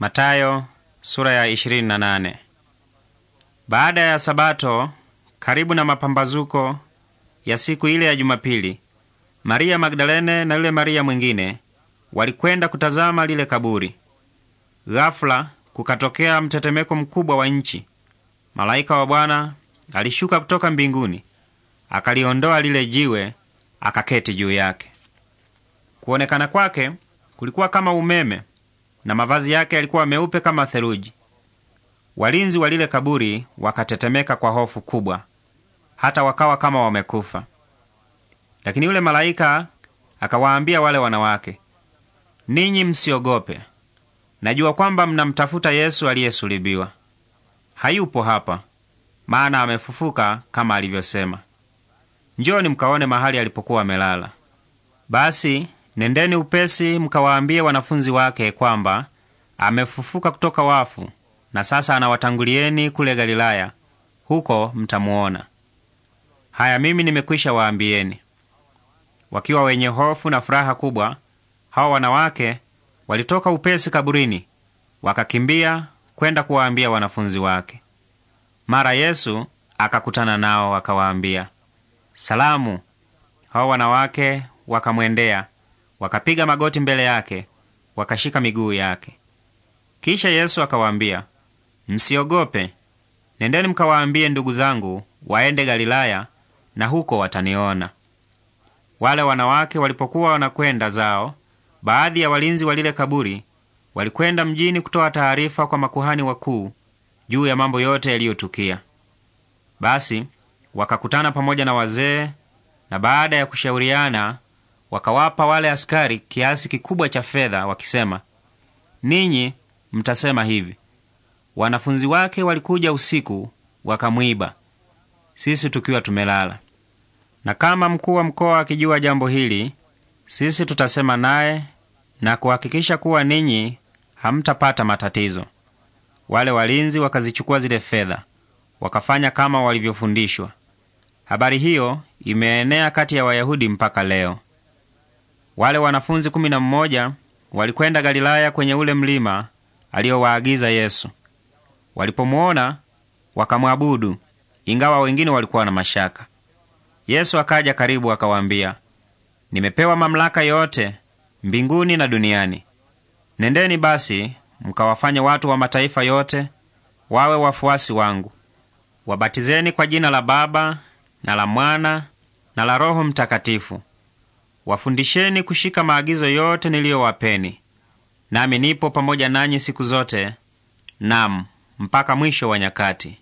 Matayo, sura ya 28. Baada ya Sabato, karibu na mapambazuko ya siku ile ya Jumapili, Maria Magdalene na yule Maria mwingine walikwenda kutazama lile kaburi. Ghafula kukatokea mtetemeko mkubwa wa nchi. Malaika wa Bwana alishuka kutoka mbinguni, akaliondoa lile jiwe, akaketi juu yake. Kuonekana kwake kulikuwa kama umeme na mavazi yake yalikuwa meupe kama theluji. Walinzi wa lile kaburi wakatetemeka kwa hofu kubwa, hata wakawa kama wamekufa. Lakini yule malaika akawaambia wale wanawake, ninyi msiogope. Najua kwamba mnamtafuta Yesu aliyesulibiwa. Hayupo hapa, maana amefufuka kama alivyosema. Njoni mkaone mahali alipokuwa amelala. Basi Nendeni upesi mkawaambie wanafunzi wake kwamba amefufuka kutoka wafu, na sasa anawatangulieni kule Galilaya, huko mtamuona. Haya, mimi nimekwisha waambieni. Wakiwa wenye hofu na furaha kubwa, hawa wanawake walitoka upesi kaburini, wakakimbia kwenda kuwaambia wanafunzi wake. Mara Yesu akakutana nao akawaambia, salamu. Hawa wanawake wakamwendea wakapiga magoti mbele yake, wakashika miguu yake. Kisha Yesu akawaambia, msiogope, nendeni mkawaambie ndugu zangu waende Galilaya, na huko wataniona. Wale wanawake walipokuwa wanakwenda zao, baadhi ya walinzi wa lile kaburi walikwenda mjini kutoa taarifa kwa makuhani wakuu juu ya mambo yote yaliyotukia. Basi wakakutana pamoja na wazee, na baada ya kushauriana wakawapa wale askari kiasi kikubwa cha fedha, wakisema, ninyi mtasema hivi, wanafunzi wake walikuja usiku wakamwiba, sisi tukiwa tumelala. Na kama mkuu wa mkoa akijua jambo hili, sisi tutasema naye na kuhakikisha kuwa ninyi hamtapata matatizo. Wale walinzi wakazichukua zile fedha, wakafanya kama walivyofundishwa. Habari hiyo imeenea kati ya Wayahudi mpaka leo. Wale wanafunzi kumi na mmoja walikwenda Galilaya kwenye ule mlima aliyowaagiza Yesu. Walipomuona wakamwabudu, ingawa wengine walikuwa na mashaka. Yesu akaja karibu, akawaambia, nimepewa mamlaka yote mbinguni na duniani. Nendeni basi mkawafanye watu wa mataifa yote wawe wafuasi wangu, wabatizeni kwa jina la Baba na la Mwana na la Roho Mtakatifu, Wafundisheni kushika maagizo yote niliyowapeni, nami nipo pamoja nanyi siku zote, nam mpaka mwisho wa nyakati.